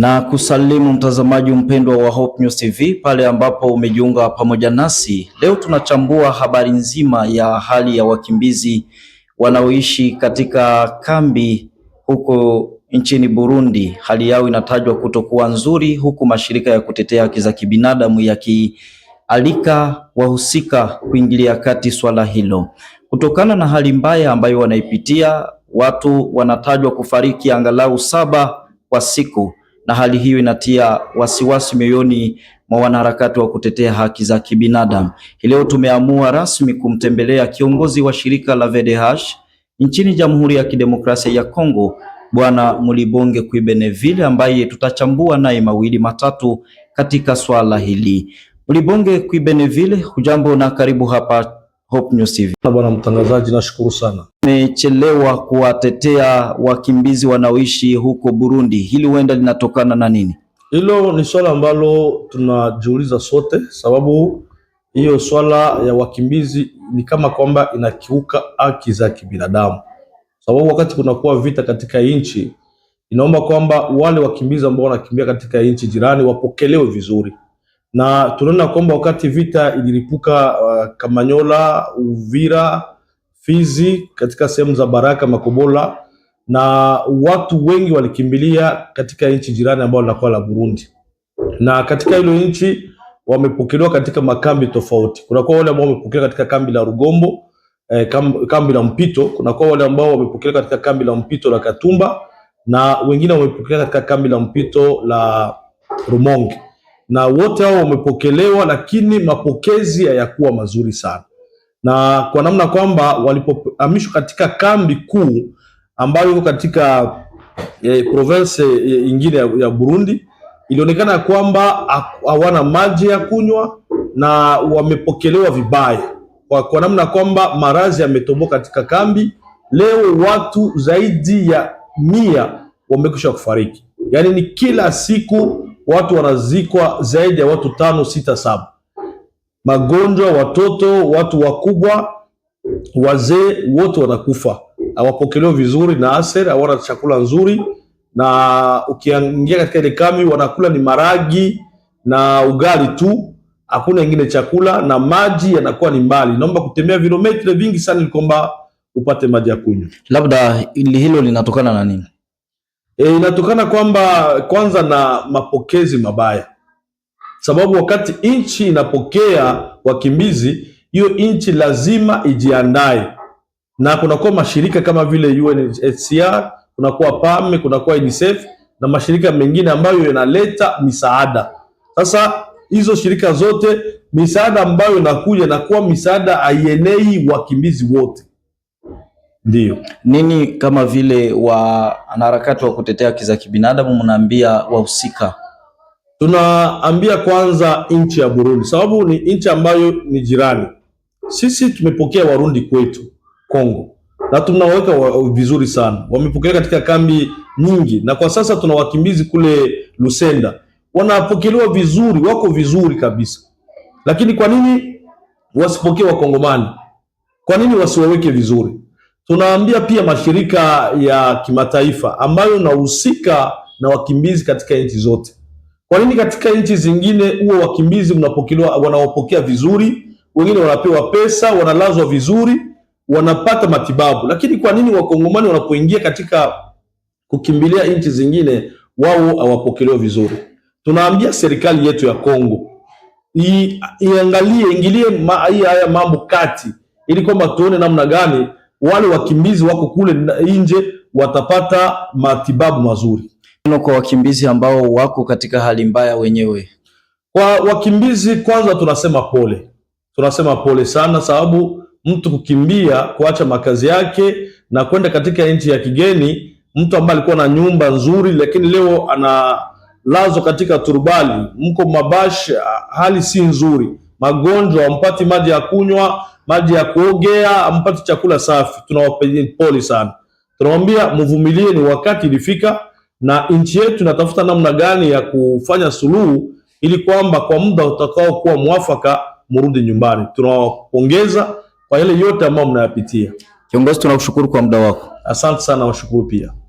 Na kusalimu mtazamaji mpendwa wa Hope News TV pale ambapo umejiunga pamoja nasi. Leo tunachambua habari nzima ya hali ya wakimbizi wanaoishi katika kambi huko nchini Burundi. Hali yao inatajwa kutokuwa nzuri huku mashirika ya kutetea haki za kibinadamu yakialika wahusika kuingilia kati swala hilo. Kutokana na hali mbaya ambayo wanaipitia, watu wanatajwa kufariki angalau saba kwa siku na hali hiyo inatia wasiwasi mioyoni mwa wanaharakati wa kutetea haki za kibinadamu. Leo tumeamua rasmi kumtembelea kiongozi wa shirika la VDH nchini Jamhuri ya Kidemokrasia ya Kongo, Bwana Mulibonge Kuibeneville ambaye tutachambua naye mawili matatu katika swala hili. Mulibonge Kuibeneville, hujambo na karibu hapa Hope News TV. Bwana mtangazaji, nashukuru sana. Nimechelewa kuwatetea wakimbizi wanaoishi huko Burundi, hili huenda linatokana na nini? Hilo ni swala ambalo tunajiuliza sote, sababu hiyo swala ya wakimbizi ni kama kwamba inakiuka haki za kibinadamu, sababu wakati kunakuwa vita katika nchi inaomba kwamba wale wakimbizi ambao wanakimbia katika nchi jirani wapokelewe vizuri, na tunaona kwamba wakati vita iliripuka Kamanyola, Uvira, Fizi, katika sehemu za Baraka, Makobola na watu wengi walikimbilia katika nchi jirani ambao linakuwa la Burundi, na katika hilo nchi wamepokelewa katika makambi tofauti. Kuna kwa wale ambao wamepokelewa katika kambi la Rugombo eh, kambi, kambi la mpito. Kuna kwa wale ambao wamepokelewa katika kambi la mpito la Katumba na wengine wamepokelewa katika kambi la mpito la Rumonge na wote hao wamepokelewa, lakini mapokezi hayakuwa mazuri sana, na kwa namna kwamba walipohamishwa katika kambi kuu ambayo iko katika eh, province nyingine eh, ingine ya, ya Burundi ilionekana kwamba hawana maji ya kunywa na wamepokelewa vibaya kwa, kwa namna kwamba maradhi yametoboka katika kambi. Leo watu zaidi ya mia wamekwisha kufariki, yaani ni kila siku watu wanazikwa zaidi ya watu tano, sita, saba. Magonjwa, watoto, watu wakubwa, wazee, wote wanakufa, hawapokelewa vizuri na aser, hawana chakula nzuri, na ukiingia katika ile kami wanakula ni maragi na ugali tu, hakuna ingine chakula, na maji yanakuwa ni mbali, naomba kutembea vilometre vingi sana, ili kwamba upate maji ya kunywa. Labda hilo linatokana na nini? e, inatokana kwamba kwanza na mapokezi mabaya, sababu wakati nchi inapokea wakimbizi, hiyo nchi lazima ijiandae, na kunakuwa mashirika kama vile UNHCR, kunakuwa PAME, kunakuwa UNICEF na mashirika mengine ambayo yanaleta misaada. Sasa hizo shirika zote, misaada ambayo inakuja na kuwa misaada haienei wakimbizi wote ndio. Nini kama vile wanaharakati wa kutetea haki za kibinadamu mnaambia wahusika? Tunaambia kwanza nchi ya Burundi, sababu ni nchi ambayo ni jirani. Sisi tumepokea Warundi kwetu Kongo na tunawaweka vizuri sana, wamepokelewa katika kambi nyingi, na kwa sasa tuna wakimbizi kule Lusenda, wanapokelewa vizuri, wako vizuri kabisa. Lakini kwa nini wasipokee Wakongomani? Kwa nini wasiwaweke vizuri? Tunaambia pia mashirika ya kimataifa ambayo nahusika na wakimbizi katika nchi zote. Kwa nini katika nchi zingine huo wakimbizi mnapokelewa, wanaopokea vizuri, wengine wanapewa pesa, wanalazwa vizuri, wanapata matibabu, lakini kwa nini wakongomani wanapoingia katika kukimbilia nchi zingine wao hawapokelewa vizuri? Tunaambia serikali yetu ya Kongo iangalie, ingilie haya mambo kati, ili kwamba tuone namna gani wale wakimbizi wako kule nje watapata matibabu mazuri. Kwa wakimbizi ambao wako katika hali mbaya wenyewe, kwa wakimbizi kwanza, tunasema pole, tunasema pole sana, sababu mtu kukimbia kuacha makazi yake na kwenda katika nchi ya kigeni, mtu ambaye alikuwa na nyumba nzuri, lakini leo analazwa katika turbali, mko mabashi hali si nzuri, magonjwa, mpati maji ya kunywa maji ya kuogea, ampate chakula safi. Tunawapeni pole sana, tunawambia mvumilie, ni wakati ilifika, na nchi yetu inatafuta namna gani ya kufanya suluhu ili kwamba kwa muda utakao kuwa mwafaka murudi nyumbani. Tunawapongeza kwa yale yote ambayo mnayapitia. Kiongozi, tunakushukuru kwa muda wako, asante sana. Washukuru pia.